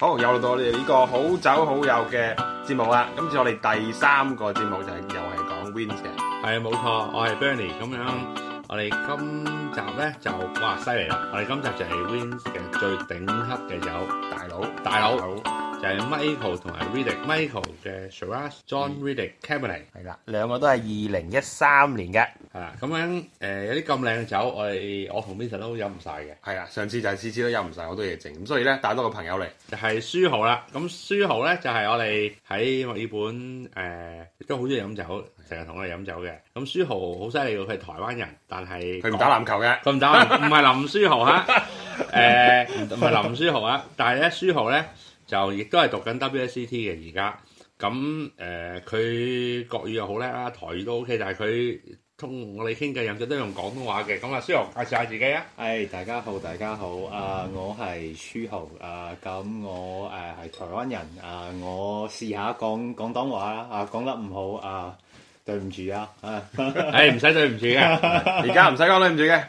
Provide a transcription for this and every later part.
好，又到我哋呢個好酒好友嘅節目啦，今次我哋第三個節目就係又係講 Wynns 嘅。係啊冇錯，我係 Bernie 咁樣，嗯、我哋今集咧就，哇犀利啦，我哋今集就係 Wynns 嘅最頂級嘅酒大佬，大佬。大佬大佬就係 Michael 同埋 Riddoch Michael 嘅 Shiraz John Riddoch Cabernet 係啦、嗯，兩個都係二零一三年嘅。係啦，咁樣誒、呃、有啲咁靚嘅酒，我哋我同 Vincent 都飲唔晒嘅。係啊，上次就係、是、次次都飲唔晒，好多嘢剩，咁所以咧帶多個朋友嚟、嗯，就係書豪啦。咁書豪咧就係我哋喺墨爾本亦、呃、都好中意飲酒，成日同我哋飲酒嘅。咁書豪好犀利喎，佢係台灣人，但係佢唔打籃球嘅。佢唔打，唔係 林書豪啊，誒唔係林書豪啊，但係咧書豪咧。就亦都係讀緊 W S C T 嘅而家，咁誒佢國語又好叻啦，台語都 O K，但係佢同我哋傾偈有啲都用廣東話嘅，咁啊書豪介紹下自己啊！誒、hey, 大家好，大家好，啊、嗯 uh, 我係書豪啊，咁、uh, 我誒係台灣人啊，uh, 我試下講廣東話啊，uh, 講得唔好啊。Uh, 對唔住啊，啊、 哎，誒，唔使 對唔住嘅，而家唔使講對唔住嘅。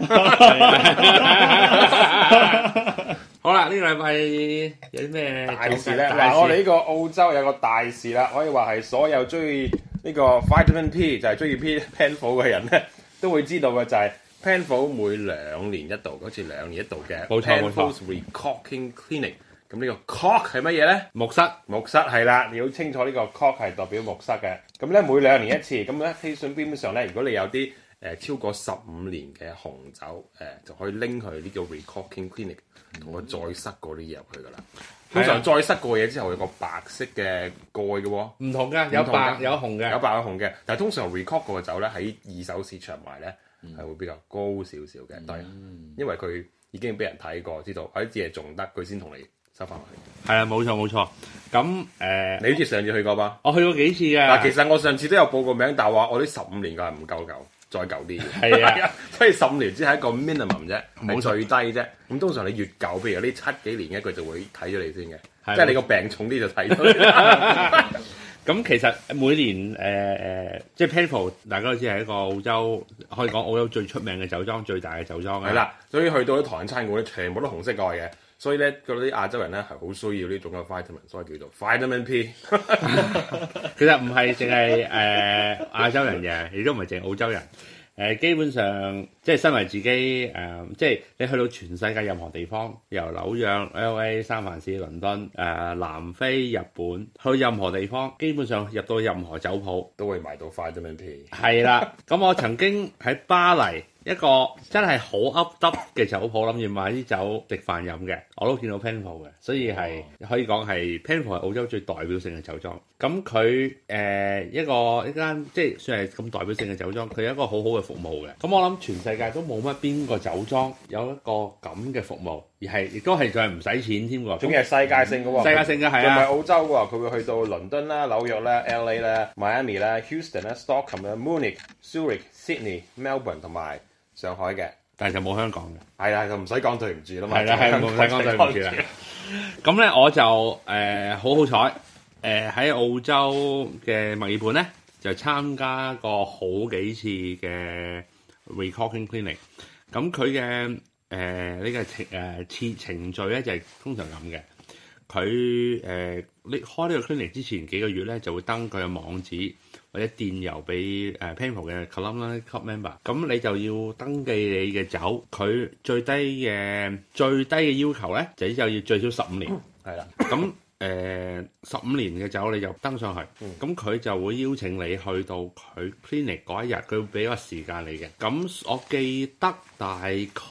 好啦，呢兩位有啲咩大事咧？嗱事，事我哋呢個澳洲有個大事啦，可以話係所有中意呢個 Vitamin P 就係中意 P Penfolds 嘅人咧，都會知道嘅就係、是、Penfolds 每兩年一度，好似兩年一度嘅 Penfolds Re-corking Clinic。咁呢個 cork 係乜嘢咧？木塞塞，木塞，係啦，你好清楚呢、這個 cork 係代表木塞嘅。咁咧每兩年一次，咁咧 Tissot 基本上咧，如果你有啲誒超過十五年嘅紅酒誒，就可以拎去呢個 recorking clinic 同佢再塞過啲嘢入去噶啦。嗯、通常再塞過嘢之後，有個白色嘅蓋嘅喎。唔同嘅白，有，有白有紅嘅。有白有紅嘅，但係通常 recork 過嘅酒咧喺二手市場賣咧係會比較高少少嘅，當、嗯、因為佢已經俾人睇過，知道或者啲嘢仲得，佢先同你。收翻嚟，係啊，冇錯冇錯。咁誒，呃、你好似上次去過吧？我去過幾次嘅。嗱，其實我上次都有報個名，但係話我啲十五年嘅係唔夠舊，再舊啲嘅。係啊， 所以十五年只係一個 minimum 啫，冇錯最低啫。咁通常你越舊，譬如呢七幾年嘅，佢就會睇咗，啊、你先嘅。即係你個病重啲就睇。咗咁其實每年誒誒、呃，即係 Penfolds，大家都知係一個澳洲，可以講澳洲最出名嘅酒莊、 最大嘅酒莊啦。係啦、啊，所以去到啲台灣餐館咧，全部都紅色蓋嘅。所以咧，嗰啲亞洲人咧係好需要呢種嘅 vitamin，所以叫做 vitamin P、 嗯。其實唔係淨係誒亞洲人嘅，亦都唔係淨係澳洲人。誒、呃，基本上即係身為自己誒、呃，即係你去到全世界任何地方，由紐約、LA、三藩市、倫敦、誒、呃、南非、日本，去任何地方，基本上入到任何酒鋪都會買到 vitamin P。 係啦，咁我曾經喺巴黎，一個真係好 up 得嘅酒鋪，諗住買啲酒食飯飲嘅，我都見到 Penfolds 嘅，所以係可以講係 Penfolds 係澳洲最代表性嘅酒莊。咁佢誒一個一間即係算係咁代表性嘅酒莊，佢有一個好好嘅服務嘅。咁我諗全世界都冇乜邊個酒莊有一個咁嘅服務，而係亦都係仲係唔使錢添㗎。總係係世界性㗎喎，世界性㗎係啊，唔係澳洲㗎喎，佢會去到倫敦啦、紐約啦、LA 啦、Miami 啦、Houston 啦、Stockholm 啦、Munich、Zurich、Sydney、Melbourne 同埋，上海嘅，但係就冇香港嘅，係啦，就唔使講對唔住啦嘛，係啦的，係唔使講對唔住啦。咁咧 我就誒好好彩，誒、呃、喺、呃、澳洲嘅墨爾本咧就參加過好幾次嘅 recording Clinic。咁佢嘅誒呢個程誒次、呃程，呃程，呃、程序咧就係、是、通常咁嘅。佢誒你開呢個 Clinic 之前幾個月咧就會登佢嘅網址。或者電郵俾誒 p a p e l 嘅 column 咧 club member，咁你就要登記你嘅酒，佢最低嘅最低嘅要求咧，就依、是、要最少十五年，係啦， 咁。誒十五年嘅酒，你就登上去，咁佢、嗯、就會邀請你去到佢 clinic 嗰一日，佢會俾個時間你嘅。咁我記得大概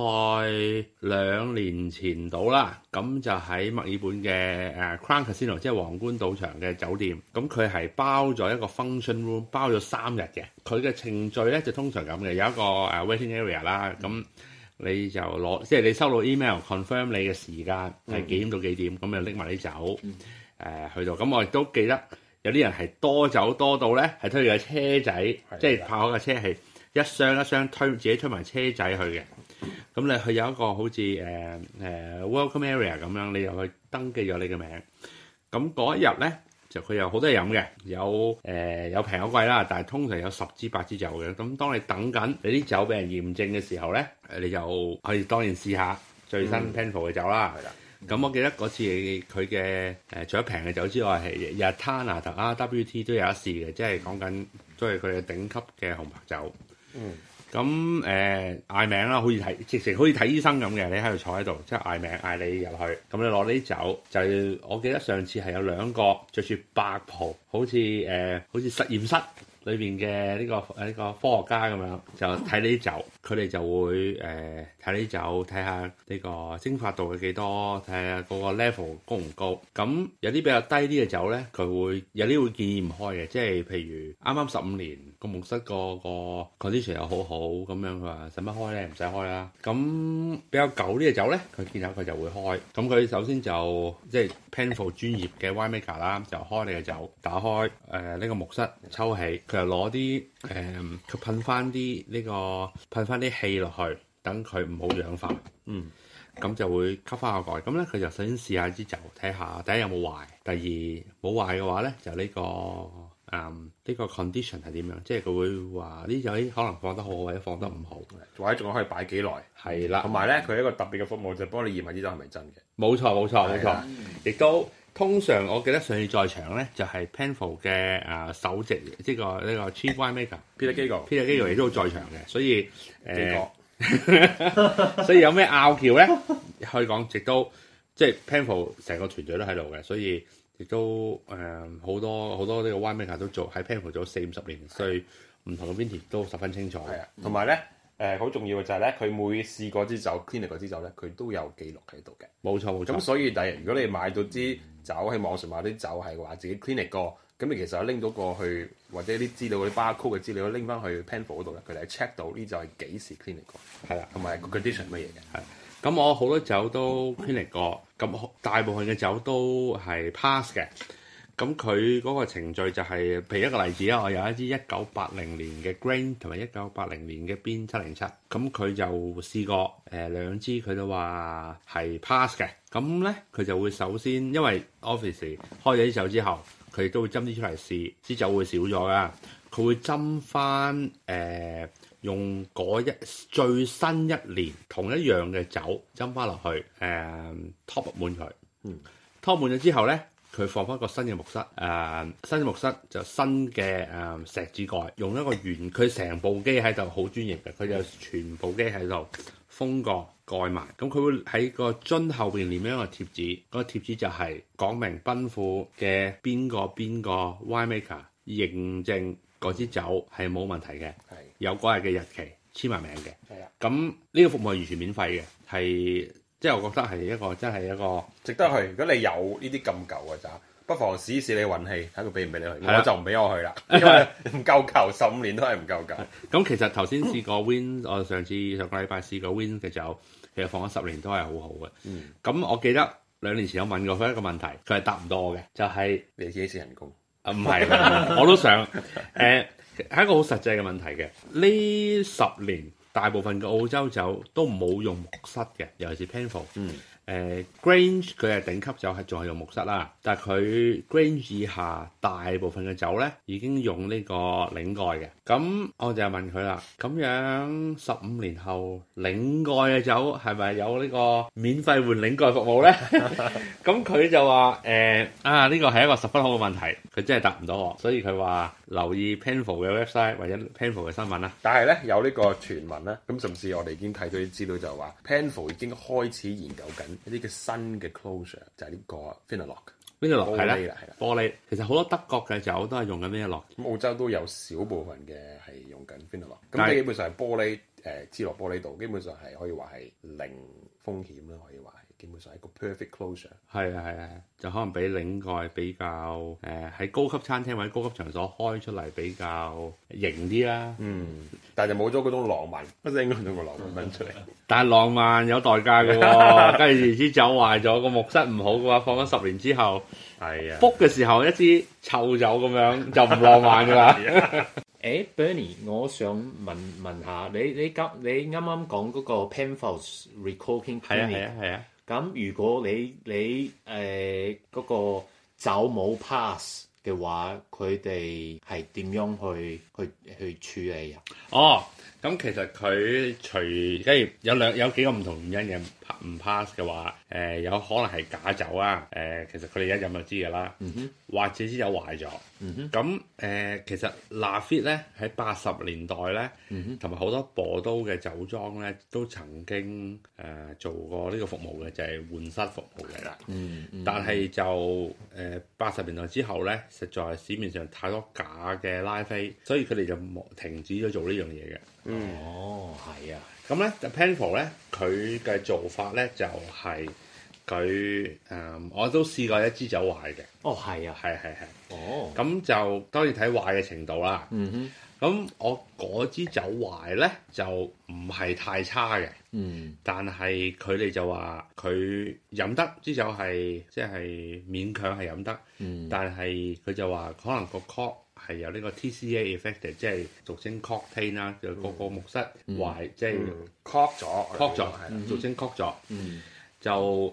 兩年前到啦，咁就喺墨爾本嘅誒 Crown Casino，即係皇冠賭場嘅酒店。咁佢係包咗一個 function room，包咗三日嘅。佢嘅程序咧就通常咁嘅，有一個誒 waiting area 啦，咁、嗯。你就攞，即係你收到 email confirm 你嘅時間係幾點到幾點，咁就拎埋你走，誒去到。咁我亦都記得有啲人係多走多到咧，係推住架車仔，即係泊好架車，係一箱一箱推，自己推埋車仔去嘅。咁你去有一個好似誒誒 welcome area 咁樣，你就去登記咗你嘅名。咁嗰一日咧。就佢有好多嘢飲嘅，有誒、呃、有平有貴啦，但係通常有十支八支酒嘅。咁當你等緊你啲酒俾人驗證嘅時候咧，誒你就可以當然試下最新 Penfolds 嘅酒啦。咁、嗯、我記得嗰次佢嘅誒除咗平嘅酒之外，係 Yattarna 啊 RWT 都有得試嘅，即係講緊都係佢嘅頂級嘅紅白酒。嗯。咁誒嗌名啦，好似睇，直情好似睇醫生咁嘅，你喺度坐喺度，即係嗌名嗌你入去，咁你攞呢啲酒就係，我記得上次係有兩個，着住白袍，好似誒、呃、好似實驗室。裏邊嘅呢個呢個科學家咁樣就睇你啲酒，佢哋就會誒睇你啲酒，睇下呢個蒸發度係幾多，睇下個個 level 高唔高。咁有啲比較低啲嘅酒咧，佢會有啲會建議唔開嘅，即係譬如啱啱十五年個木室個個 condition 又好好咁樣，佢話使乜開咧？唔使開啦。咁比較舊啲嘅酒咧，佢見下見到佢就會開。咁佢首先就即係 panel 專業嘅 winemaker 啦，就開你嘅酒，打開誒呢個木室，抽起。就攞啲誒，佢、嗯、噴翻啲呢個噴翻啲氣落去，等佢唔好氧化。嗯，咁就會吸翻個蓋。咁咧佢就首先試下支、這、酒、個，睇下第一有冇壞。第二冇壞嘅話咧，就呢、這個誒呢、嗯這個 condition 係點樣？即係佢會話呢支可能放得好，或者放得唔好，或者仲可以擺幾耐。係啦的，同埋咧，佢一個特別嘅服務就係、幫你驗下支酒係咪真嘅。冇錯，冇錯，冇的錯，亦、嗯、都。通常我記得上次在場咧，就係 Penfolds 嘅誒首席，呢個呢個 Chief Wine Maker Peter Gago，Peter Gago 亦都喺在場嘅，所以誒，呃、 所以有咩拗撬咧？ 可以講，直都即係 Penfolds 成個團隊都喺度嘅，所以亦都誒好、呃、多好多呢個 Wine Maker 都做喺 Penfolds 做四五十年，的所以唔同嘅 Vintage 都十分清楚。係啊的，同埋咧。誒好、呃、重要嘅就係咧，佢每試過支酒 clinic 嗰支酒咧，佢都有記錄喺度嘅。冇錯，冇錯。咁所以第日，如果你買到支酒喺網上買啲酒係話自己 clinic 過，咁你其實拎到過去或者啲資料嗰啲 barcode 嘅資料拎翻去 panel 嗰度咧，佢哋 check 到呢就係幾時 clinic 過。係啦、啊，同埋 condition 乜嘢嘅。係、啊，咁我好多酒都 clinic 過，咁大部分嘅酒都係 pass 嘅。咁佢嗰個程序就係、是，譬如一個例子啊，我有一支一九八零年嘅 Grange 同埋一九八零年嘅 Bin 七零七，咁佢就試過，誒、呃、兩支佢都話係 pass 嘅，咁咧佢就會首先，因為 Office 開咗啲酒之後，佢都會斟啲出嚟試，支酒會少咗啦，佢會斟翻誒用嗰一最新一年同一樣嘅酒斟翻落去，誒、呃、top 滿佢，嗯，top 滿咗之後咧。佢放翻個新嘅木室，誒、呃、新嘅木室就新嘅誒、呃、石子蓋，用一個圓，佢成部機喺度好專業嘅，佢就全部機喺度封蓋、嗯、個蓋埋，咁佢會喺個樽後邊黏一個貼紙，嗰貼紙就係講明賓富嘅邊個邊個 w i n m a k e r 認證嗰支酒係冇問題嘅，係的有嗰日嘅日期簽埋名嘅，係啊的，咁呢、嗯這個服務係完全免費嘅，係。即係我覺得係一個真係一個值得去。如果你有呢啲咁舊嘅咋不妨試一試你運氣，睇佢俾唔俾你去。的我就唔俾我去啦，因為唔夠舊，十五 年都係唔夠舊。咁其實頭先試過 Wynns，嗯、我上次上個禮拜試過 Wynns 嘅酒，其實放咗十年都係好好嘅。咁、嗯、我記得兩年前我問過佢一個問題，佢係答唔到我嘅，就係、是、你自己算人工啊？唔係， 我都想誒，係、呃、一個好實際嘅問題嘅。呢十年。大部分嘅澳洲酒都冇用木塞嘅，尤其是 Penfolds。嗯誒、欸、Grange 佢係頂級酒，係仲係用木塞啦。但係佢 Grange 以下大部分嘅酒咧，已經用呢個領蓋嘅。咁我就問佢啦，咁樣十五年後領蓋嘅酒係咪有呢、呢個免費換領蓋服務咧？咁 佢、嗯、就話誒、欸、啊，呢個係一個十分好嘅問題，佢真係答唔到我，所以佢話留意 Penfold 嘅 website 或者 Penfold 嘅新聞啦。但係咧有呢個傳聞啦，咁甚至我哋已經睇到啲資料就話 Penfold 已經開始研究緊。一啲嘅新嘅 closure 就係呢個 Finelock，Finelock 係啦，係啦的，的玻璃。其實好多德國嘅酒都係用緊 Finelock，咁澳洲都有少部分嘅係用緊 Finelock。咁是基本上係玻璃誒支落玻璃度，基本上係可以話係零風險啦，可以話。冇曬個 perfect closure，係啊，係啊，就可能比領蓋比較誒喺高級餐廳或者高級場所開出嚟比較型啲啦。嗯，但係就冇咗嗰種浪漫，不知應該點個浪漫出嚟。但係浪漫有代價㗎，跟住支酒壞咗，個木質唔好嘅話，放咗十年之後，係啊，福嘅時候一支臭酒咁樣就唔浪漫㗎啦。誒，Bernie，我想問問下你，你今你啱啱講嗰個 painful recording，係啊係啊係啊。咁如果你你誒嗰、呃那個酒冇 pass 嘅話，佢哋係點樣去去去處理啊？哦，咁、嗯、其實佢除誒有兩有幾個唔同原因嘅。唔 pass 嘅話，誒、呃、有可能係假酒啊！誒、呃，其實佢哋一飲就知㗎啦。Mm hmm. 或者先有壞咗。咁誒、mm hmm. 呃，其實拉菲咧喺八十年代咧，同埋好多波多嘅酒莊咧，都曾經誒、呃、做過呢個服務嘅，就係、是、換室服務嘅啦。Mm hmm. 但係就誒八十年代之後咧，實在市面上太多假嘅拉菲，所以佢哋就冇停止咗做呢樣嘢嘅。哦、mm，係、hmm. oh, 啊。咁咧 Penfold 咧，佢嘅做法咧就係佢誒，我都試過一支酒壞嘅。哦，係啊，係係係。哦。咁就當然睇壞嘅程度啦。嗯哼。咁我嗰支酒壞咧，就唔係太差嘅。嗯。但係佢哋就話佢飲得支酒係即係勉強係飲得。就是、飲得嗯。但係佢就話可能個殼。係由呢個 TCA effect 嘅，即係俗稱 cork taint 啦，就個個木塞壞，嗯、即係 cork 咗，cork 咗，係啦，俗、嗯、稱 cork 咗，嗯嗯、就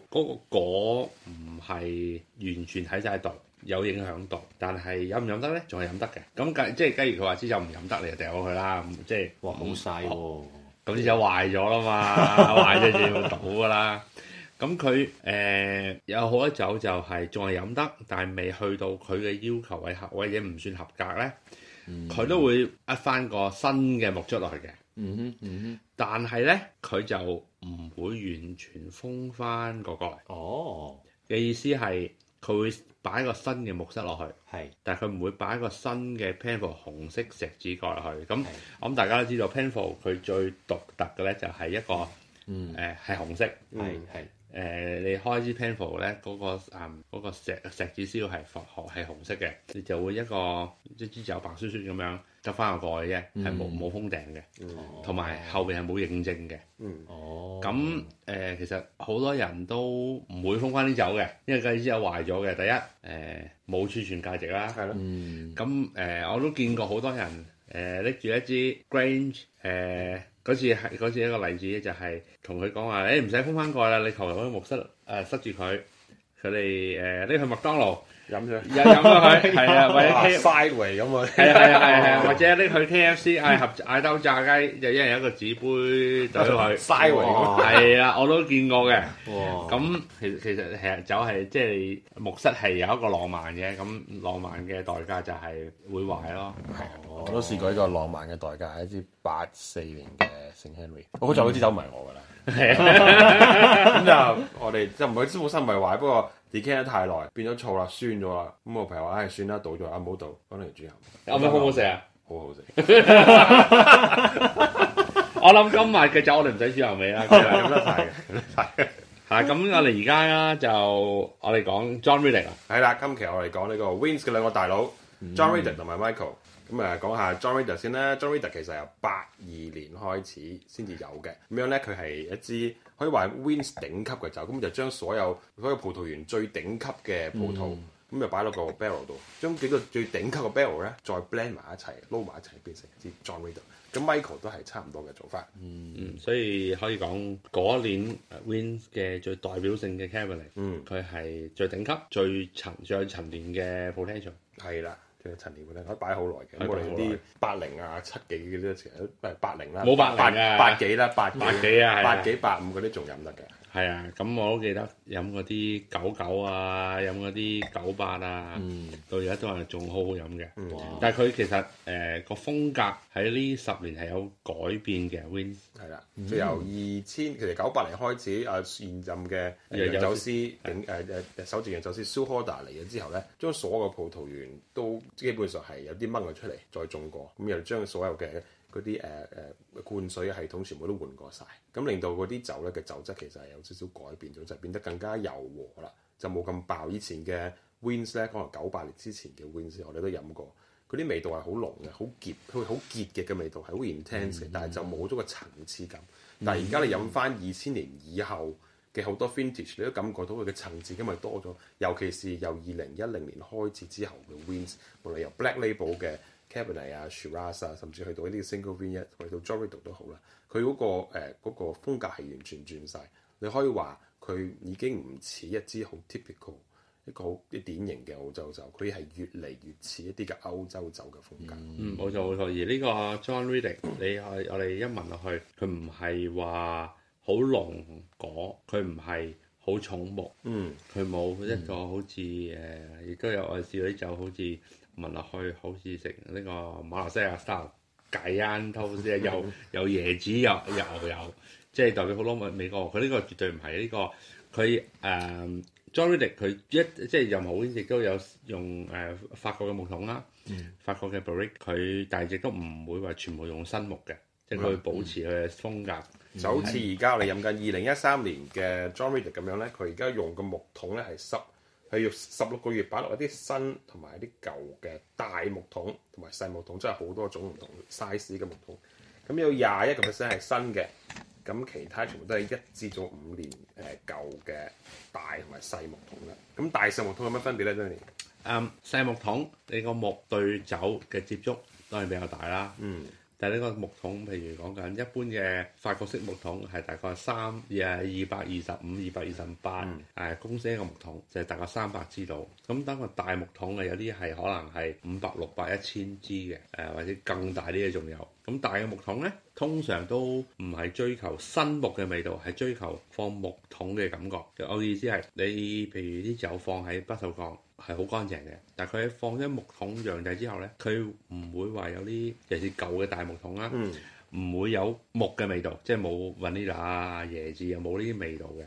嗰個果唔係完全喺晒度，有影響度，但係飲唔飲得咧？仲係飲得嘅。咁計即係假如佢話之飲唔飲得，你就掉咗佢啦。咁即係哇，好細喎，咁就壞咗啦嘛， 壞咗就要倒噶啦。咁佢誒有好多酒就係仲係飲得，但係未去到佢嘅要求為合，或者唔算合格咧，佢、嗯、都會呃翻個新嘅木塞落去嘅。嗯哼，嗯哼。但係咧，佢就唔會完全封翻個蓋。哦。嘅意思係佢會擺一個新嘅木塞落去。係是。但係佢唔會擺一個新嘅 Penfolds 紅色錫紙蓋落去。咁是我諗大家都知道 Penfolds 佢最獨特嘅咧就係一個誒係、嗯呃、紅色。係係。誒、呃，你開支 Penfolds 咧、那個，嗰、嗯那個誒嗰石石子燒係紅係紅色嘅，你就會一個一支酒白雪雪咁樣執翻個蓋啫，係冇冇封頂嘅，同埋、嗯、後邊係冇認證嘅、嗯。哦，咁誒、呃、其實好多人都唔會封翻啲酒嘅，因為嗰啲酒壞咗嘅。第一誒冇、呃、儲存價值啦，係咯、嗯。咁誒、嗯呃、我都見過好多人誒拎住一支 Grange 誒、呃。嗰次係嗰次一個例子就係同佢講話，誒唔使封返蓋啦，你求其可以木塞、呃、塞住佢。佢哋誒拎去麥當勞飲咗，飲咗佢，係啊，或者嘥圍咁啊，係啊係啊，或者拎去 KFC 嗌盒嗌兜炸雞，就一人一個紙杯仔去嘥圍，係啊，我都見過嘅。咁其實其實其實酒係即係，木塞係有一個浪漫嘅，咁浪漫嘅代價就係會壞咯。係啊，我都試過一個浪漫嘅代價，一支八四年嘅 Saint Henry，我好在嗰支酒唔係我㗎啦。係啊，咁就我哋就唔好，心唔係壞，不過 decant 得太耐，變咗醋啦，酸咗啦。咁我朋友唉算啦，倒咗阿冇度，幫嚟煮油。阿冇好唔好食啊？嗯、 好好食。我諗今日嘅酒我哋唔使煮油味啦，飲得晒嘅。係啊，咁 我哋而家啦，就我哋講 John Riddoch 啊，係啦、 啊，今期我哋講呢個 Wynns 嘅兩個大佬、嗯嗯、John Riddoch 同埋 Michael。咁啊，講下 John Riddoch 先啦。John Riddoch 其實由八二年開始先至有嘅。咁樣咧，佢係一支可以話 Wynns 頂級嘅酒。咁就將所有所有葡萄園最頂級嘅葡萄，咁就擺落個 barrel 度，將幾個最頂級嘅 barrel 咧再 blend 埋一齊，撈埋一齊變成一支 John Riddoch。咁 Michael 都係差唔多嘅做法。嗯嗯，所以可以講嗰年 Wynns 嘅最代表性嘅 Cabernet，嗯，佢係最頂級、最沉、最有陳年嘅 potential。係啦。即係陳年股咧，可以擺好耐嘅。我哋啲八零啊、七幾嗰啲成，誒八零啦、啊，冇八,八零八幾啦、八八幾啊、八幾八五嗰啲仲飲得嘅。係啊，咁、嗯、我都記得飲嗰啲九九啊，飲嗰啲九八啊，嗯、到而家都係仲好好飲嘅。嗯、但係佢其實誒個、呃、風格喺呢十年係有改變嘅。Wynns 係啦、啊，即由二千其實九八年開始，誒、啊、現任嘅酒師頂誒首席嘅酒師 Sue Hodder 嚟咗之後咧，將所有嘅葡萄園都基本上係有啲掹佢出嚟再種過，咁又將所有嘅嗰啲誒誒灌水系統全部都換過晒，咁令到嗰啲酒咧嘅酒質其實係有少少改變咗，就變得更加柔和啦，就冇咁爆。以前嘅 Wynns 咧，可能九八年之前嘅 Wynns 我哋都飲過，嗰啲味道係好濃嘅，好澀，佢好澀嘅嘅味道係好 intense 嘅，但係就冇咗個層次感。但係而家你飲翻二千年以後嘅好多 Vintage，你都感覺到佢嘅層次咁咪多咗。尤其是由二零一零年開始之後嘅 Wynns 無論由 Black Label 嘅。Cabernet 啊、Shiraz 啊，甚至去到呢啲 single vineyard 去到 John Riddoch 都好啦。佢嗰、嗰個誒嗰、呃嗰個、風格係完全轉晒，你可以話佢已經唔似一支好 typical，一個好啲典型嘅澳洲酒。佢係越嚟越似一啲嘅歐洲酒嘅風格。嗯，冇錯冇錯。而呢個 John Riddoch 你我我哋一聞落去，佢唔係話好濃果，佢唔係好重木。嗯，佢冇一個好似誒，亦都有外資嗰啲酒好似。聞落去好似食呢個馬來西亞 style 咖央多士，又有、有椰子又又又，即係、就是、代表好多美美國。佢呢個絕對唔係呢個，佢誒、呃、John Riddoch 佢一即係任何款式都有用誒法國嘅木桶啦，法國嘅 Barrique 佢但係亦都唔會話全部用新木嘅，即係佢保持佢嘅風格。就好似而家我哋飲緊二零一三年嘅 John Riddoch 咁樣咧，佢而家用嘅木桶咧係濕。佢要十六個月，擺落一啲新同埋一啲舊嘅大木桶同埋細木桶，真係好多種唔同 size 嘅木桶。咁有廿一個 percent 係新嘅，咁其他全部都係一至咗五年誒、呃、舊嘅大同埋、um, 細木桶啦。咁大細木桶有乜分別咧？當然，誒細木桶你個木對酒嘅接觸當然比較大啦。嗯。但係呢個木桶，譬如講緊一般嘅法國式木桶，係大概三誒二百二十五、二百二十八誒公升一個木桶，就係、是、大概三百支度。咁等個大木桶嘅，有啲係可能係五百、六百、一千支嘅，誒或者更大啲嘅仲有。咁大嘅木桶呢，通常都唔係追求新木嘅味道，係追求放木桶嘅感覺。我嘅意思係，你譬如啲酒放喺不鏽鋼。係好乾淨嘅，但係佢喺放咗木桶釀製之後咧，佢唔會話有啲，尤其是舊嘅大木桶啦，嗯、唔會有木嘅味道，即係冇 vanilla 啊、椰子啊冇呢啲味道嘅。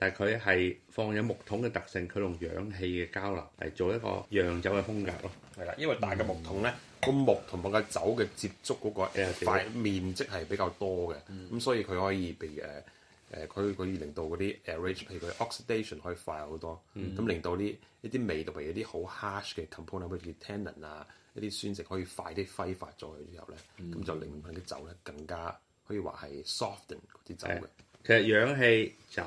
但係佢係放咗木桶嘅特性，佢同氧氣嘅交流，嚟做一個釀酒嘅風格咯。係啦，因為大嘅木桶咧，嗯、木個木同埋個酒嘅接觸嗰個塊面積係比較多嘅，咁、嗯、所以佢可以被，如誒佢佢可以令到嗰啲誒，譬如佢 oxidation 可以快好多，咁、嗯、令到啲一啲味道，譬如一啲好 harsh 嘅 component，譬如 tannin 啊，一啲酸值可以快啲揮發咗佢之後咧，咁、嗯、就令到啲酒咧更加可以話係 soften 嗰啲酒、嗯嗯嗯、其實氧氣酒誒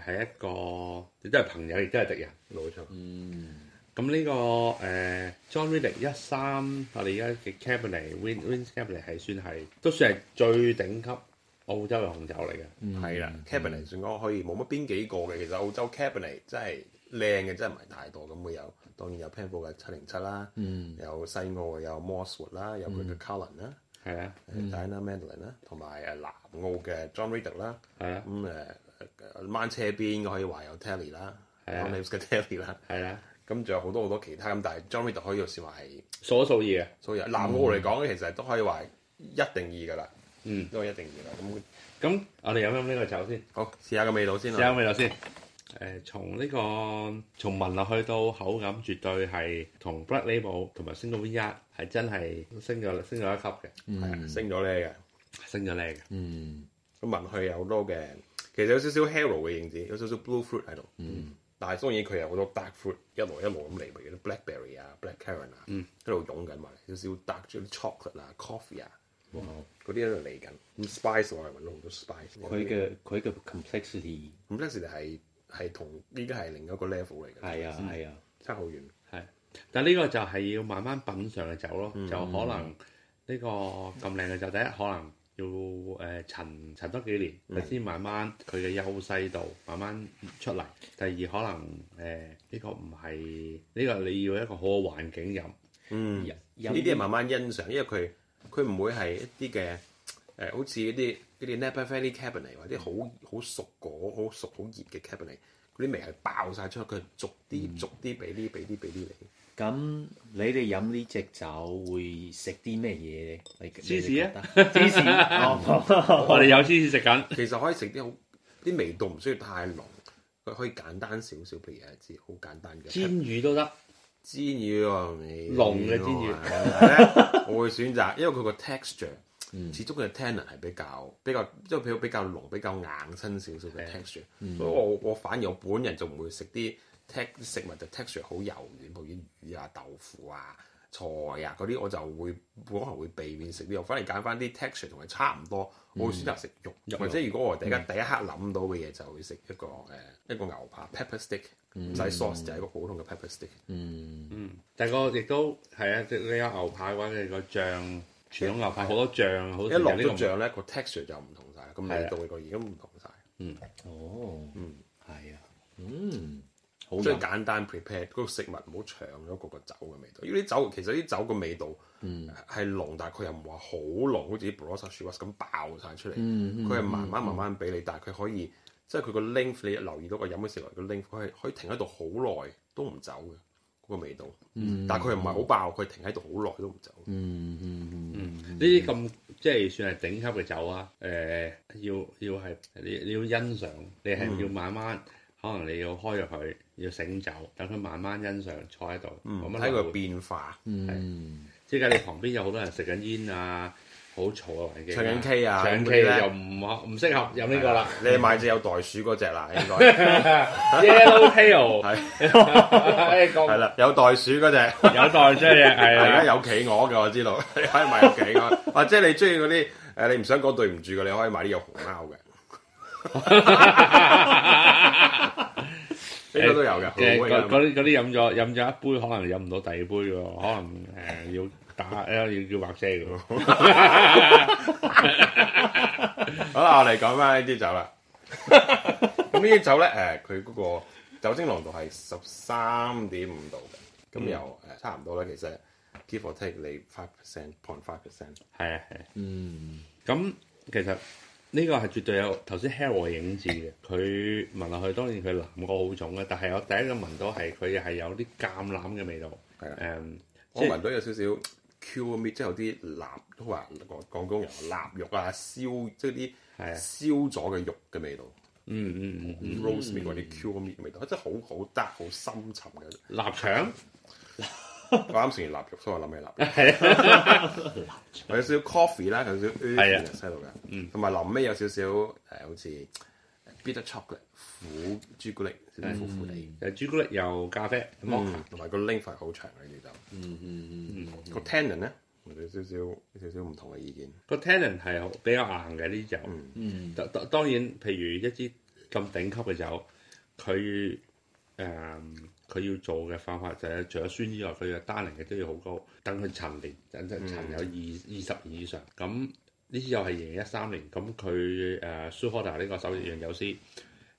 係、呃、一個亦都係朋友亦都係敵人，冇錯、嗯。咁呢、嗯、這個誒、呃、John Riddoch 一三，我哋而家嘅 Cabernet Wynns Cabernet 係算係都算係最頂級。澳洲嘅紅酒嚟嘅，係啦 Cabernet 算可以冇乜邊幾個嘅，其實澳洲 Cabernet 真係靚嘅，真係唔係太多咁。有當然有 Penfolds 嘅七零七啦，有西澳有 Moss Wood 啦，有佢嘅 Cullen 啦，係啊，Diana Madeline 啦，同埋誒南澳嘅 John Riddoch 啦，係啊，咁誒掹車邊可以話有 Terry 啦 Williams 嘅 Terry 啦，係啊，咁仲有好多好多其他咁，但係 John Riddoch 可以話係數一數二嘅，數以南澳嚟講咧，其實都可以話一定二嘅啦。嗯，都一定要啦。咁、嗯，咁我哋飲一飲呢個酒先。好，試下個味道先。試下味道先。誒，從呢、呃這個從聞落去到口感，絕對係同 Black Label 同埋 Single Vineyard 係真係升咗升咗一級嘅，係啊、嗯，升咗咧嘅，升咗咧嘅。嗯。咁聞去有好多嘅，其實有少少 Halo 嘅影子，有少少 Blue Fruit 喺度。嗯。但係當然佢有好多 Dark Fruit，一，路一路來一來咁嚟，譬如啲 Blackberry 啊、Blackcurrant 啊，喺度湧緊埋，嗯、有少少 Dark Chocolate 啊、Coffee 啊。嗰啲喺度嚟緊。咁 spice 我係揾到好多 spice。佢嘅佢嘅 complexity 咁，陣時係同依家係另一個 level 嚟嘅。係啊係啊，差好遠。係，但呢個就係要慢慢品嘗嘅酒咯。就可能呢個咁靚嘅酒，第一可能要誒陳陳多幾年，先慢慢佢嘅優勢度慢慢出嚟。第二可能誒呢個唔係呢個你要一個好嘅環境飲。嗯，呢啲係慢慢欣賞，因為佢。佢唔會係一啲嘅誒，好似一啲一啲 Napa Valley Cabernet 或者好好熟果、好熟好熱嘅 Cabernet 嗰啲味係爆晒出去，佢逐啲逐啲俾啲俾啲俾啲你。咁你哋飲呢隻酒會食啲咩嘢咧？芝士啊，芝士，我哋有芝士食緊。其實可以食啲好啲味道，唔需要太濃，佢可以簡單少少嘅嘢，至好簡單嘅。煎魚都得。煎魚喎，濃嘅煎魚，煎煎 我會選擇，因為佢個 texture、嗯、始終佢嘅 tannin 係比較比較，即係譬如比較濃、比較硬身少少嘅 texture，嗯、所以我我反而我本人就唔會食啲食食物就 texture 好柔軟，譬如魚啊、豆腐啊。菜啊嗰啲我就會可能會避免食啲，我反而揀翻啲 texture 同佢差唔多，我會選擇食肉，或者如果我突然間第一刻諗到嘅嘢就係食一個誒一個牛扒 pepper steak 唔使 sauce 就係一個普通嘅 pepper steak 嗯嗯，但係個亦都係啊，你有牛扒嘅你個醬，傳統牛扒好多醬，一落咗醬咧個 texture 就唔同曬，咁味道個而家唔同晒。嗯，哦，嗯係啊，嗯。即最簡單 prepare 嗰個食物，唔好搶咗嗰個酒嘅味道，因為啲酒其實啲酒嘅味道係濃，嗯、但係佢又唔話好濃，好似啲 Barossa Shiraz 咁爆晒出嚟。佢係、嗯嗯、慢慢慢慢俾你，但係佢可以即係佢個 length 你留意到，我飲嗰食落意個 length 佢係可以停喺度好耐都唔走嘅嗰個味道。嗯、但係佢又唔係好爆，佢停喺度好耐都唔走，嗯。嗯嗯嗯，呢啲咁即係算係頂級嘅酒啊！誒、呃，要要係你你要欣賞，你係要慢慢。嗯可能你要開入去，要醒酒，等佢慢慢欣賞坐喺度，睇佢變化。嗯，即係你旁邊有好多人食緊煙啊，好嘈啊，環境。唱 K 啊，唱 K 又唔唔適合飲呢個啦。你買隻有袋鼠嗰隻啦，應該。Yellow Tail 係係啦，有袋鼠嗰隻，有袋鼠嘅係啊，有企鵝嘅我知道，可以買企鵝。或者你中意嗰啲誒，你唔想講對唔住嘅，你可以買啲有熊貓嘅。呢 個都有嘅，嗰啲嗰啲飲咗飲咗一杯，可能飲唔到第二杯嘅，可能誒、呃、要打誒、呃、要要白車嘅。 好啦，我哋講翻呢啲酒啦。咁呢啲酒咧，誒，佢嗰個酒精濃度係十三點五度嘅，咁、嗯、又誒差唔多啦。其實 give or take 你 five percent point five percent，係啊係、啊。嗯，咁其實。呢個係絕對有頭先 Hero 嘅影子嘅，佢聞落去當然佢藍個好重嘅，但係我第一個聞到係佢係有啲橄欖嘅味道，係啊的，um, 我聞到有少少 cured meat 即係有啲臘，都話廣廣東臘肉啊，燒即係啲燒咗嘅肉嘅味道，的嗯嗯，嗯，嗯，嗯 roast meat cured meat 味道，即係好好得，好深沉嘅臘腸。 我啱食完臘肉，所以我諗起臘肉。係啊，有少少 coffee 啦，有少少西柚嘅，嗯。同埋臨尾有少少誒，好似 bit of chocolate，苦朱古力，少少苦苦地。誒朱古力又咖啡，摩卡，同埋個 link 份好長嘅呢度嗯嗯嗯。個 tannin 咧？有少少少少唔同嘅意見。個 tannin 係比較硬嘅啲酒。嗯嗯。當然，譬如一支咁頂級嘅酒，佢。誒佢要做嘅方法就係，除咗酸之外，佢嘅單寧嘅都要好高，等佢陳年，等佢陳有二二十年以上。咁呢支酒係贏一三年，咁佢誒蘇科達呢個首席釀酒師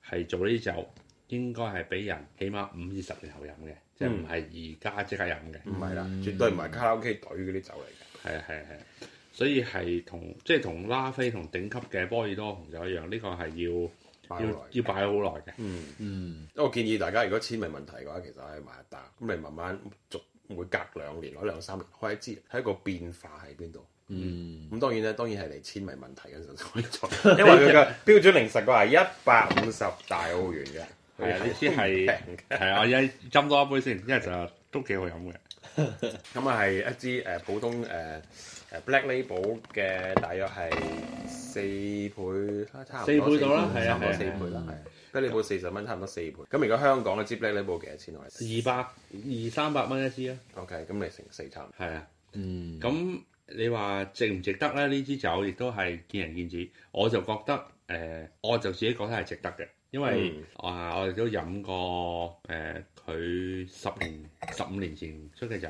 係做呢啲酒，應該係俾人起碼五二十年後飲嘅，即係唔係而家即刻飲嘅。唔係啦，絕對唔係卡拉 OK 隊嗰啲酒嚟嘅。係啊係係，所以係同即係同拉菲同頂級嘅波爾多紅酒一樣，呢個係要。要要擺好耐嘅。嗯嗯，嗯我建議大家如果簽名問題嘅話，其實可以買一打，咁咪慢慢逐每隔兩年可能兩三年開一支，睇一個變化喺邊度。嗯，咁當然咧，當然係嚟簽名問題嘅時候可以做， 因為佢嘅標準零售價係一百五十大澳元嘅，係啊，呢支係係啊，斟 多一杯先，因為其實都幾好飲嘅，咁啊係一支誒、呃、普通誒。呃誒 Black Label 嘅大約係四倍，差唔多倍四倍到啦，係啊係啊，Black Label 四十蚊，差唔多四倍。咁如果香港嘅支 Black Label 幾多錢啊？二百二三百蚊一支啊。OK，咁咪成四差唔多。係啊，嗯。咁你話值唔值得咧？呢支酒亦都係見仁見智。我就覺得誒、呃，我就自己覺得係值得嘅，因為啊，嗯、我哋都飲過誒，佢、呃、十年十五年前出嘅酒，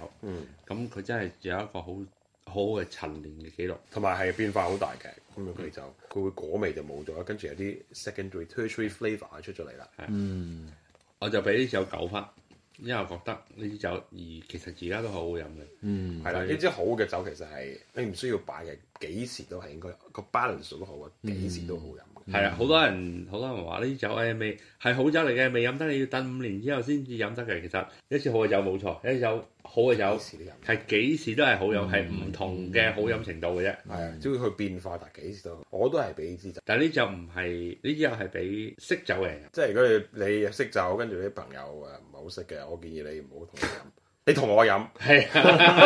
咁佢、嗯、真係有一個好。好嘅陳年嘅記錄同埋係變化好大嘅，咁樣佢就佢會果味就冇咗，跟住有啲 secondary、tertiary flavour 出咗嚟啦。嗯，我就俾呢支酒九分，因為我覺得呢啲酒而其實而家都好好飲嘅。嗯，係啦的，呢支的好嘅酒其實係你唔需要擺嘅，幾時都係應該，個 balance 都好啊，幾時都好飲。嗯係啊，好、嗯、多人好多人話呢啲酒誒未係好酒嚟嘅，未飲得你要等五年之後先至飲得嘅。其實一次好嘅酒冇錯，一次好酒好嘅酒，幾時都係幾、嗯、時都係好飲，係唔、嗯、同嘅好飲程度嘅啫。係啊、嗯，只要佢變化大幾時都。我都係俾啲資，但係呢就唔係呢，又係俾識酒嘅人。即係如果你識酒，跟住你啲朋友誒唔係好識嘅，我建議你唔好同佢飲。你同我飲，係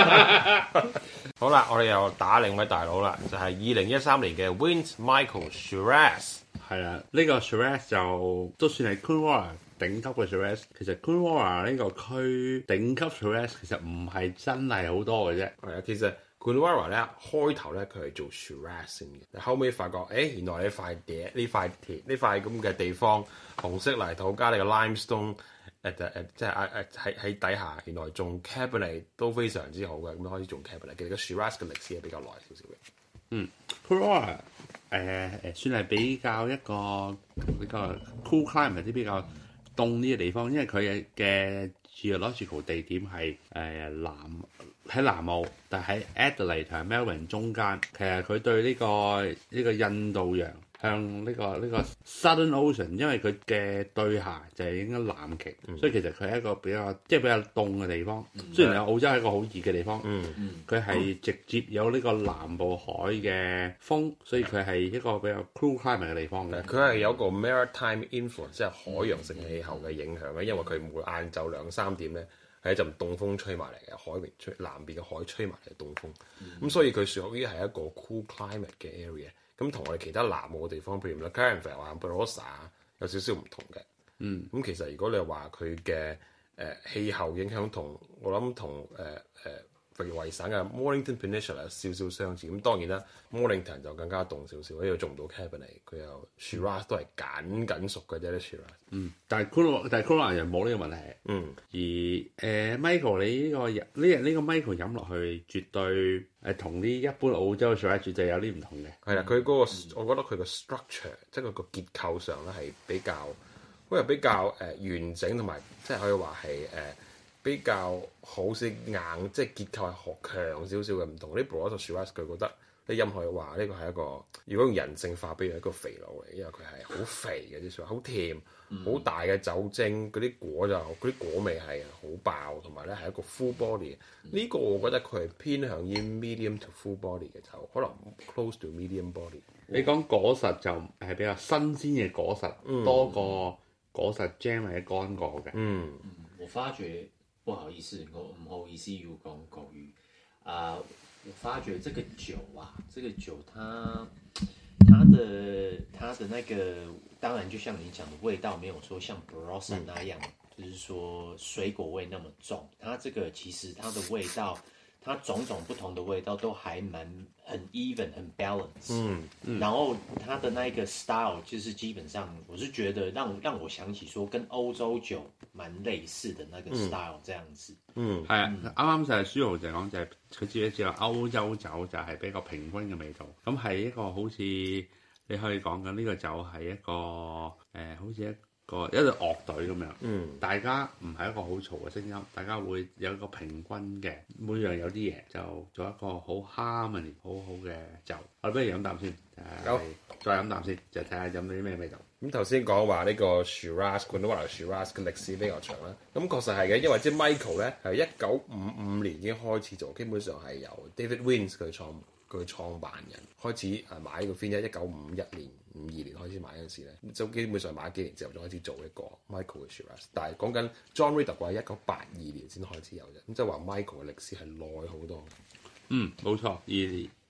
好啦，我哋又打另一位大佬啦，就係二零一三年嘅 Wynns Michael Shiraz 係啦，呢、這個 Shiraz 就都算係 Coonawarra 頂級嘅 Shiraz 其實 Coonawarra 呢個區頂級 Shiraz 其實唔係真係好多嘅啫，係啊，其實 Coonawarra 咧開頭咧佢係做 Shiraz 嘅，但後尾發覺誒、欸，原來呢塊地呢塊地呢塊咁嘅地方紅色泥土加你個 limestone。誒誒即係啊誒，喺喺底下原來種 Cabernet 都非常之好嘅，咁都可以種 Cabernet 嘅。其實 Shiraz 嘅歷史係比較耐少少嘅。嗯 Coonawarra 誒誒算係比較一個比較 cool climate 啲比較凍啲嘅地方，因為佢嘅嘅 geographical 地點係誒南喺南澳，但係喺 Adelaide 同埋 Melbourne 中間，其實佢對呢個呢個印度洋，向呢、嗯這個呢、這個 Southern Ocean，因為佢嘅對下就係應該南極，嗯、所以其實佢係一個比較即係、就是、比較凍嘅地方。雖然話澳洲係一個好熱嘅地方，佢係直接有呢個南部海嘅風，所以佢係一個比較 cool climate 嘅地方嘅。佢係、嗯嗯嗯、有個 maritime influence，即係海洋性氣候嘅影響嘅，因為佢唔會晏晝兩三點咧，係一陣凍風吹埋嚟嘅，海吹南邊嘅海吹埋嚟嘅凍風，咁、嗯、所以佢屬於係一個 cool climate 嘅 area。咁同我哋其他南澳嘅地方，譬如 Clare Valley、Barossa 有少少唔同嘅。嗯，咁其實如果你話佢嘅誒氣候影響同，我諗同誒。呃譬如維省嘅 Mornington Peninsula 有少少相似，咁當然啦，Mornington、嗯、就更加凍少少，喺度種唔到 cabernet，佢又 shiraz 都係緊緊熟嘅啫啲 shiraz 嗯，但係 Coonawarra，但係 Coonawarra 又冇呢個問題。嗯。而誒、呃、Michael，你呢、呢個呢日呢個 Michael 飲落去，絕對誒同啲一般澳洲 shiraz 絕對有啲唔同嘅。係啊、嗯，佢嗰、嗰個、嗯、我覺得佢個 structure 即係佢個結構上咧係比較，因為比較誒、呃、完整同埋即係可以話係誒。呃比較好少硬，即係結構係學強少少嘅唔同。啲 bro 就 suggest 佢覺得啲音可以話呢個係一個，如果用人性化，比如一個肥佬嚟，因為佢係好肥嘅啲雪，好甜，好大嘅酒精，嗰啲果就嗰啲果味係好爆，同埋咧係一個 full body。呢、這個我覺得佢係偏向於 medium to full body 嘅酒，就可能 close to medium body。你講果實就係比較新鮮嘅果實多過果實 jam 或乾乾果嘅。嗯，嗯，我發覺。不好意思，我唔好意思，you 你講關於啊，我發覺這個酒啊，這個酒它它的它的那個，當然就像你講的味道，沒有說像 Brosser 那樣，就是說水果味那麼重。它這個其實它的味道，它種種不同的味道都還蠻很 even，很 balance。嗯，嗯，然後它的那個 style，就是基本上我是覺得讓讓我想起說跟歐洲酒。蠻類似的那個 style，這樣子，嗯。嗯，係啊對，啱啱、嗯、就係書豪就係講，就係佢自己知道歐洲酒就係比較平均嘅味道。咁係一個好似你可以講緊呢個酒係一個誒、呃，好似一個一隊樂隊、嗯、一個樂隊咁樣。嗯，大家唔係一個好嘈嘅聲音，大家會有一個平均嘅，每樣有啲嘢就做一個 harmony, 好 harmony，好好嘅酒。我哋不如飲啖先，誒、呃，有再飲啖先，就睇下飲到啲咩味道。咁頭先講話呢個 Shiraz，冠都話 Shiraz 嘅歷史比較長啦。咁確實係嘅，因為即 Michael 咧係一九五五年已經開始做，基本上係由 David Wynn 佢創佢創辦人開始啊買呢個 Fin，一九五一年、五二年開始買嗰陣時咧，就基本上買幾年之後再開始做一個 Michael 嘅 Shiraz。但係講緊 John Riddoch 嘅話，一九八二年先開始有啫。咁即係話 Michael 嘅歷史係耐好多。嗯，冇錯，二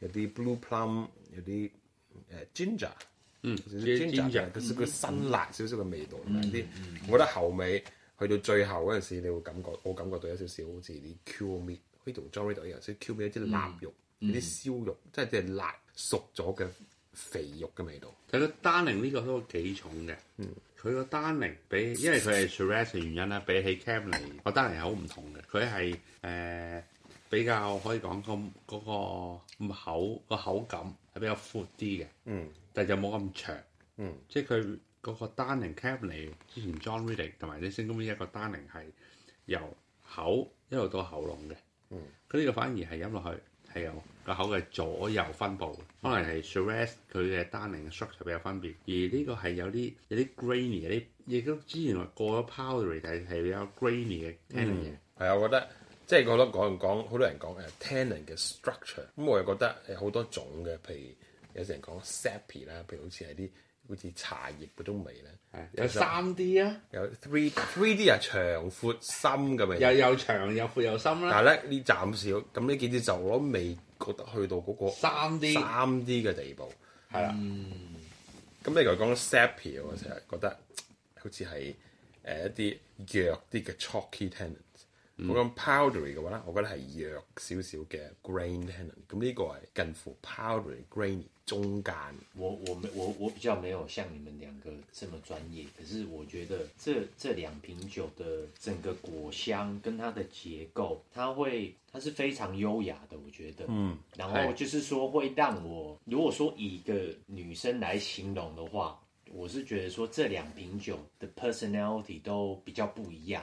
有啲 blue plum，有啲誒 ginger，嗯，ginger，佢係個辛辣少少嘅味道，有啲、嗯。嗯、我覺得後尾去到最後嗰陣時，你會感覺我感覺到 at, 有少少好似啲 cured meat，可以同 Jared 有啲似 cured meat 一啲臘肉，嗰啲燒肉，即係即係辣熟咗嘅肥肉嘅味道。佢個單寧呢個都幾重嘅，嗯，佢個、嗯、單寧，比，因為佢係 Shiraz 原因啦，比起 Cabernet，個單寧係好唔同嘅，佢係誒。呃比較可以講咁嗰個口、嗰個嗰個口感係比較闊啲嘅，嗯，但係就冇咁長，嗯，即係佢嗰個單寧 cap 嚟，之前 John Riddoch 同埋 Nathan Wilson 一個單寧係由口一路到喉嚨嘅，嗯，佢呢個反而係飲落去係由個口嘅左右分布，可能係 Shiraz 佢嘅單寧 structure 比較分別，而呢個係有啲有啲 grainy，有啲亦都之前話過咗 powdery，係係比較 grainy 嘅聽嘅嘢，啊、嗯嗯，我覺得。即係我覺得講唔講，好多人講誒、uh, tannin 嘅 structure，咁、嗯、我又覺得誒好多種嘅，譬如有時人講 sappy 啦，譬如好似係啲好似茶葉嗰種味咧，的有三 D 啊，有 three three D 係長闊微微、闊、深嘅味，又又長又闊又深啦。但係咧呢暫時咁呢幾啲就我覺得未覺得去到嗰個三 D 三 D 嘅地步，係啦 D。咁你頭先講 sappy，我成日覺得、嗯、好似係誒一啲弱啲嘅 chalky tannin。我講 powdery 嘅話咧，我覺得係弱少少嘅 grain handling。咁呢個係近乎 powdery grainy 中間。我我我我比較沒有像你們兩個這麼專業，可是我覺得這這兩瓶酒的整個果香跟它的結構，它會它是非常優雅的。我覺得，嗯，然後就是說會讓我，如果說以一個女生來形容的話，我是覺得說這兩瓶酒的 personality 都比較不一樣。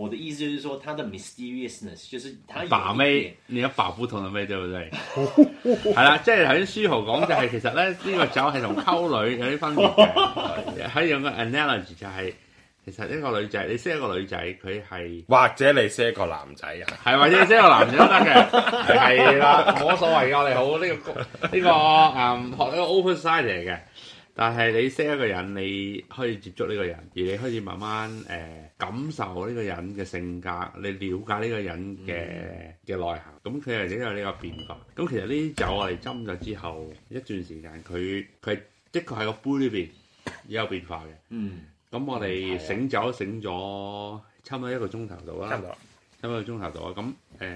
我的意思就是說，他的 mysteriousness，就是有一爸法你要爸夫同的味，對唔對？係啦， 即係頭先書豪講就係，其實咧呢個酒係同溝女有啲分別嘅。喺用 個 analogy 就係、是，其實一個女仔，你識一個女仔，佢係或者你識一個男仔啊，係 或者你識一個男仔都得嘅，係啦， 冇所謂噶，你好呢 這個呢、這個嗯學呢個 open side 嚟嘅。但係你識一個人，你可以接觸呢個人，而你可以慢慢誒。呃感受呢個人嘅性格，你了解呢個人嘅嘅內涵，咁佢係因為呢個變化。咁其實呢啲酒我哋斟咗之後一段時間，佢佢的確喺個杯裏邊有變化嘅。嗯，咁我哋醒酒、嗯、醒咗差唔多一個鐘頭度啦，差唔多一個鐘頭度啊，咁。誒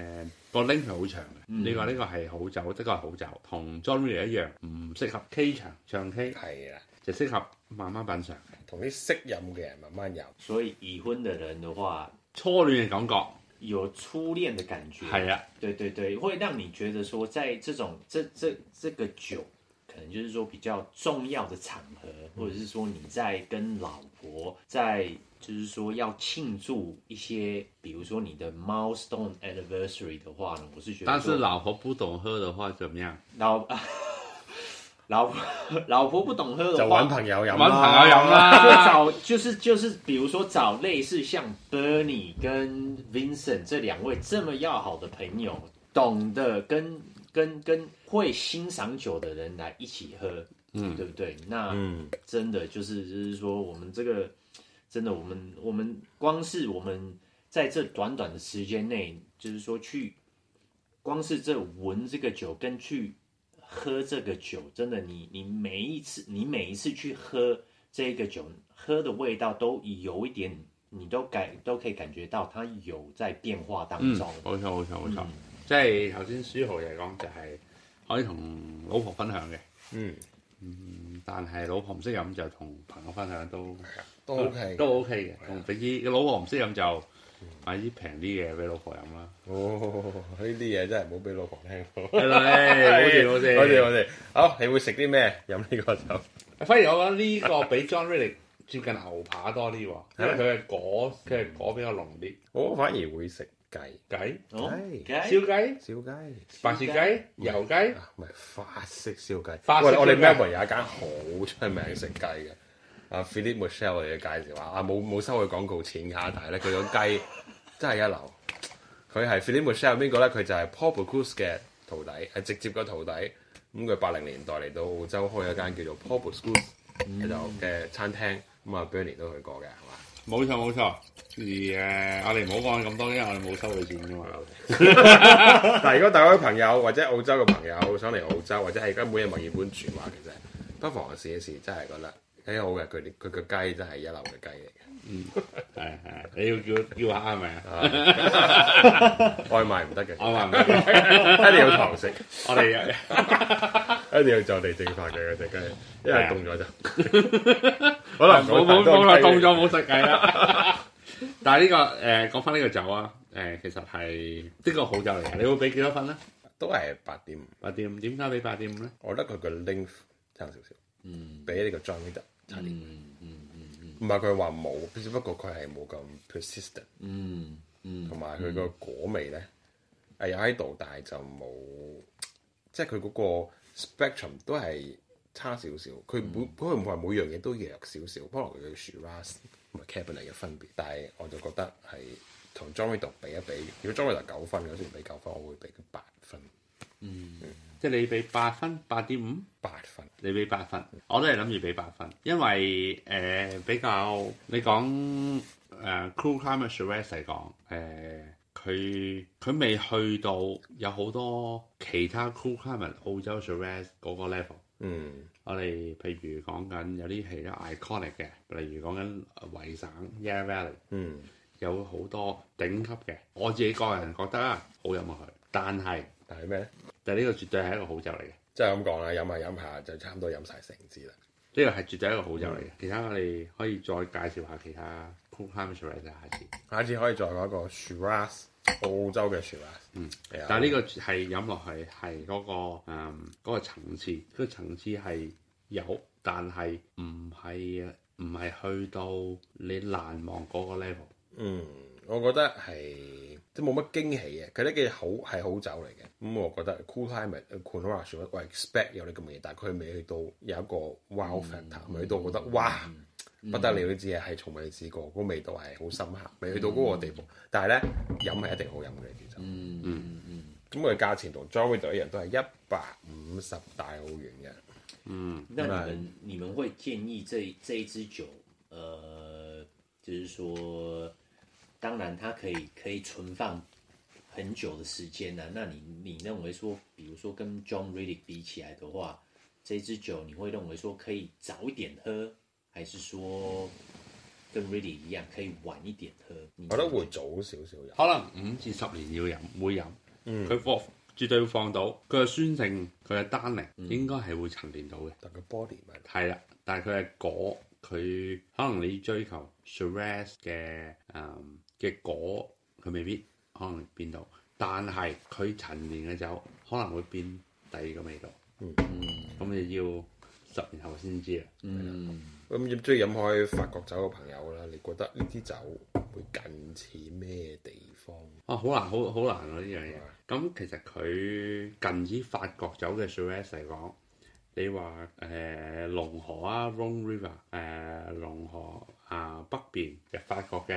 個 link 係好長嘅，你話呢個係好酒，即係個好酒，同 Johnnie 一樣，唔適合 K 場唱 K，係啊的，就適合慢慢品嚐，同啲適飲嘅人慢慢飲。所以已婚嘅人嘅話，初戀嘅感覺，有初戀嘅感覺，係啊的，對對對，會讓你覺得說，在這種，這這這，這個酒，可能就是說比較重要嘅場合，或者是說你在跟老婆在。嗯就是說要慶祝一些，比如說你的 milestone anniversary 的話呢，我是覺得，但是老婆不懂喝的話，怎麼樣？老、啊、老老婆不懂喝的話，就揾朋友，揾朋友就找，就是就是，比如說找類似像 Bernie 跟 Vincent 這兩位這麼要好的朋友，懂得跟跟跟，跟會欣賞酒的人來一起喝，嗯，對不對？那、嗯、真的就是就是說，我們這個。真的，我們我們光是我們在這短短的時間內，就是說去光是這聞這個酒跟去喝這個酒，真的，你你每一次你每一次去喝這個酒，喝的味道都有一點，你都感都可以感覺到它有在變化當中。冇錯冇錯冇錯，錯錯嗯、即係頭先書豪嚟講，就係可以同老婆分享嘅，嗯嗯，但係老婆唔識飲就同朋友分享都。都 OK，都 OK 嘅。俾啲，你老婆唔識飲就買啲平啲嘅俾老婆飲啦。哦，呢啲嘢真係唔好俾老婆聽。好啲，好啲，好啲。好，你會食啲咩？飲呢個酒。反而我覺得呢個比 John Riddoch 接近牛扒多啲。係咯，佢係果，佢係果比較濃啲。我反而會食雞。雞，雞，燒雞，燒雞，白切雞，油雞，唔係法式燒雞。法式？我哋 Melvin 有一間好出名食雞嘅。啊 Philip Michelle 我哋嘅介紹話，啊冇冇收佢廣告錢㗎，但係咧佢個雞真係一流。佢係 Philip Michelle 邊個咧？佢就係 Paul Bocuse 嘅徒弟，係直接嘅徒弟。咁佢八零年代嚟到澳洲開咗間叫做 Paul Bocuse 嘅餐廳。咁啊，Billy 都去過嘅，係嘛？冇錯冇錯。而誒，阿唔好講咁多，因為我哋冇收佢錢啫嘛。但如果大家朋友或者澳洲嘅朋友想嚟澳洲或者係而家冇嘢冇嘢墨爾本住嘅話，其實不妨試一試，真係覺得。誒，好嘅，佢啲佢個雞真係一流嘅雞嚟嘅。嗯，係係，你要叫叫下係咪啊？外賣唔得嘅，外賣唔得，一定要堂食。我哋一定要就地正法嘅隻雞，因為凍咗就，好啦，冇冇冇凍咗冇食嘅啦。但係呢個誒，講翻呢個酒啊，誒，其實係的確好酒嚟嘅。你會俾幾多分咧？都係八點五。八點五，點解俾八點五咧？我覺得佢個 length 差少少，嗯，俾呢個 jam 得。嗯嗯，嗯，唔係佢話冇，只不，不過佢係冇咁 persistent 嗯。嗯嗯，同埋佢個果味咧，係喺度，但係就冇，即係佢嗰個 spectrum 都係差少少。佢每嗰個唔係每樣嘢都弱少少，不過佢嘅 Shiraz 同埋 Cabernet 嘅分別。但係我就覺得係同 John Riddoch 比一比，如果 John Riddoch 九分，我雖然比九分，我會俾佢八分。嗯。嗯即係你俾八分，八點五，八分，你俾八分，我都係諗住俾八分，因為誒、呃、比較你講誒 Cool Climate Series 嚟講，誒佢佢未去到有好多其他 Cool Climate 澳洲 Series 嗰個 level。嗯，我哋譬如講緊有啲係啲 iconic 嘅，例如講緊維省 Yarra Valley。嗯。嗯有好多頂級嘅，我自己個人覺得好飲落去。但係但係咩咧？但係呢個絕對係一個好酒嚟嘅，即係咁講啦！飲下飲下就差唔多飲晒成支啦。呢個係絕對一個好酒嚟嘅。嗯、其他我哋可以再介紹下其他 cool time 嘅嘢啦。下次下次可以再講個 Shiraz 澳洲嘅 Shiraz。嗯，係啊。但係呢個係飲落去係嗰個誒嗰個層次，嗰、嗰個層次係有，但係唔係唔係去到你難忘嗰個 level。嗯，我覺得係即冇乜驚喜嘅，佢呢嘅好係好酒嚟嘅。咁我覺得 cool time courage，我 expect 有呢咁嘅，但係佢未去到有一個 wow factor，未去到覺得哇不得了呢支嘢係從未試過，個味道係好深刻，未去到嗰個地步。但係咧飲係一定好飲嘅，其實。嗯嗯嗯。咁佢價錢同 John 一樣，都係一百五十大澳元嘅。嗯，那你們你們會建議這這支酒，誒，就是說？當然，它可以可以存放很久的時間啦。那你你認為說，比如說跟 John Riddoch 比起來的話，這支酒，你會認為說可以早一點喝，還是說跟 Riddoch 一樣可以晚一點喝？我都得會早少少飲，可能五至十年要飲，會飲。嗯，佢放絕對會放到，佢嘅酸性，佢嘅單寧、嗯、應該係會沉澱到嘅。但佢 body 係啦，但係佢係果，佢可能你追求 Cherries 嘅嘅果佢未必可能變到，但係佢陳年嘅酒可能會變第二個味道。嗯，咁你、嗯嗯、要十年後先知啊。嗯，咁最中意飲開法國酒嘅朋友啦，你覺得呢支酒會近似咩地方？啊，好難，好好難啊呢樣嘢。咁其實佢近似法國酒嘅水質嚟講，你話誒龍河啊 Rhone River，誒龍河。龍河龍河啊，北邊嘅法國嘅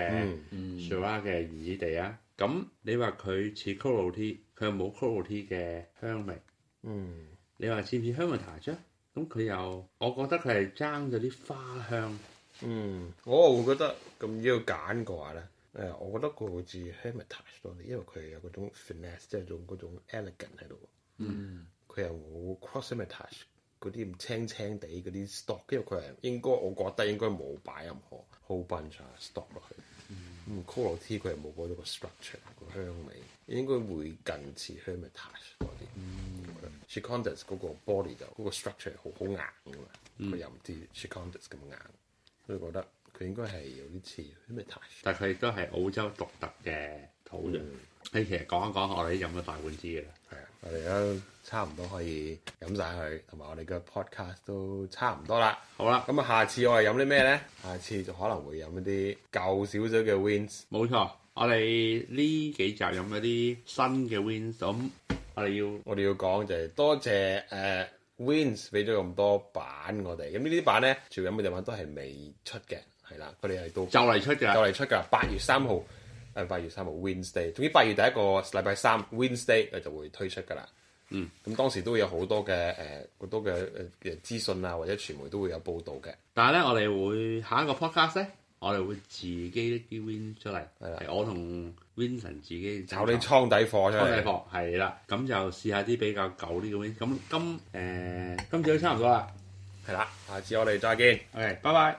，Syrah 嘅爾地啊，咁你話佢似 Côte-Rôtie，佢又冇 Côte-Rôtie 嘅香味，嗯，你話似唔似 Hermitage 啫？咁佢又，我覺得佢係爭咗啲花香，嗯，我會覺得咁要揀嘅話咧，誒，我覺得佢好似 Hermitage 多啲，因為佢有嗰種 finesse，即係種嗰種 elegant 喺度，嗯，佢又好 crossed。嗰啲咁青青地嗰啲 stock，跟住佢係應該我覺得應該冇擺任何 whole bunch stock 落去，嗯，嗯 quality 佢係冇擺到個 structure 個香味，應該會近似 hermitage 嗰啲。嗯、覺得 chicondes 嗰個 body 就嗰個 structure 係好好硬嘅，佢、嗯、又唔似 chicondes 咁硬，所以覺得佢應該係有啲似 hermitage 但係佢亦都係澳洲獨特嘅土壤。嗯、你其實講一講我哋飲咗大半支㗎啦。係啊。我哋都差唔多可以飲晒佢，同埋我哋嘅 podcast 都差唔多啦。好啦了，咁啊，下次我哋飲啲咩咧？下次就可能會飲一啲舊少少嘅 Wynns。冇錯，我哋呢幾集飲一啲新嘅 Wynns。咁我哋要我哋要講就係多謝誒、uh, Wynns 俾咗咁多版我哋。咁呢啲版咧，最緊要嘅地方都係未出嘅，係啦，佢哋係到就嚟出嘅，就嚟出㗎，八月三號。八月三號 Wednesday，總之八月第一個禮拜三 Wednesday，佢就會推出㗎啦。嗯，咁當時都會有好多嘅誒好多嘅資訊啊，或者傳媒都會有報道嘅。但係咧，我哋會下一個 podcast 咧，我哋會自己拎啲 win 出嚟。係啦的，我同 Vincent 自己炒啲倉底貨。倉底貨係啦，咁就試下啲比較舊啲嘅 win。咁今誒今次都差唔多啦。係啦，下次我哋再見。OK，拜拜。